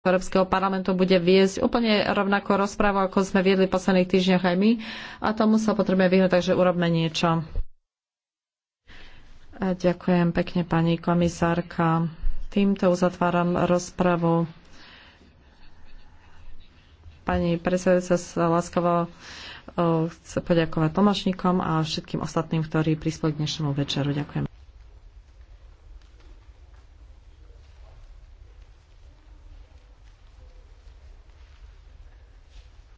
Európskeho parlamentu bude viesť úplne rovnako rozprávu, ako sme viedli v posledných týždňoch aj my. A tomu sa potrebujeme vyhnúť, takže urobme niečo. A ďakujem pekne, pani komisárka. Týmto uzatváram rozpravu. Pani predsedajúca sa láskavo chce poďakovať tlmočníkom a všetkým ostatným, ktorí prispeli k dnešnému večeru. Ďakujem.